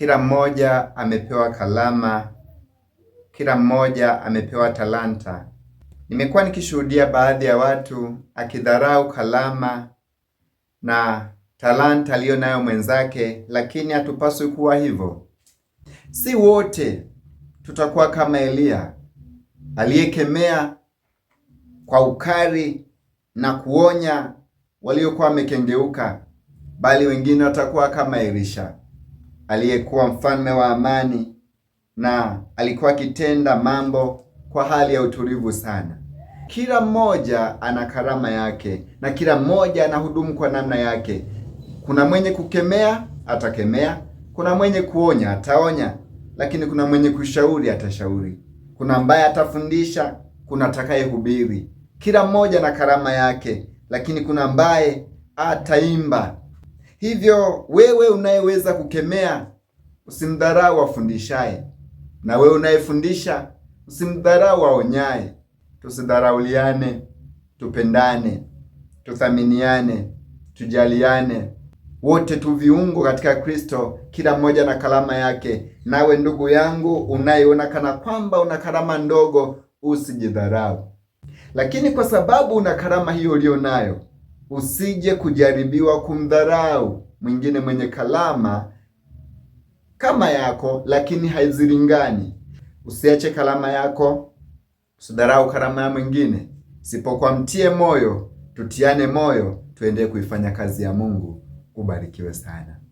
Kila mmoja amepewa kalama, kila mmoja amepewa talanta. Nimekuwa nikishuhudia baadhi ya watu akidharau kalama na talanta aliyo nayo mwenzake, lakini hatupaswi kuwa hivyo. Si wote tutakuwa kama Eliya aliyekemea kwa ukali na kuonya waliokuwa wamekengeuka, bali wengine watakuwa kama Elisha aliyekuwa mfalme wa amani na alikuwa akitenda mambo kwa hali ya utulivu sana. Kila mmoja ana karama yake na kila mmoja anahudumu kwa namna yake. Kuna mwenye kukemea atakemea, kuna mwenye kuonya ataonya, lakini kuna mwenye kushauri atashauri, kuna ambaye atafundisha, kuna atakayehubiri. Kila mmoja na karama yake, lakini kuna ambaye ataimba Hivyo wewe unayeweza kukemea usimdharau wafundishaye, na wewe unayefundisha usimdharau waonyaye. Tusidharauliane, tupendane, tuthaminiane, tujaliane. Wote tu viungo katika Kristo, kila mmoja na kalama yake. Nawe ndugu yangu unayeona kana kwamba una karama ndogo, usijidharau, lakini kwa sababu una karama hiyo uliyo nayo usije kujaribiwa kumdharau mwingine mwenye kalama kama yako lakini haizilingani. Usiache kalama yako, usidharau kalama ya mwingine, sipokuwa mtie moyo, tutiane moyo, tuendelee kuifanya kazi ya Mungu. Ubarikiwe sana.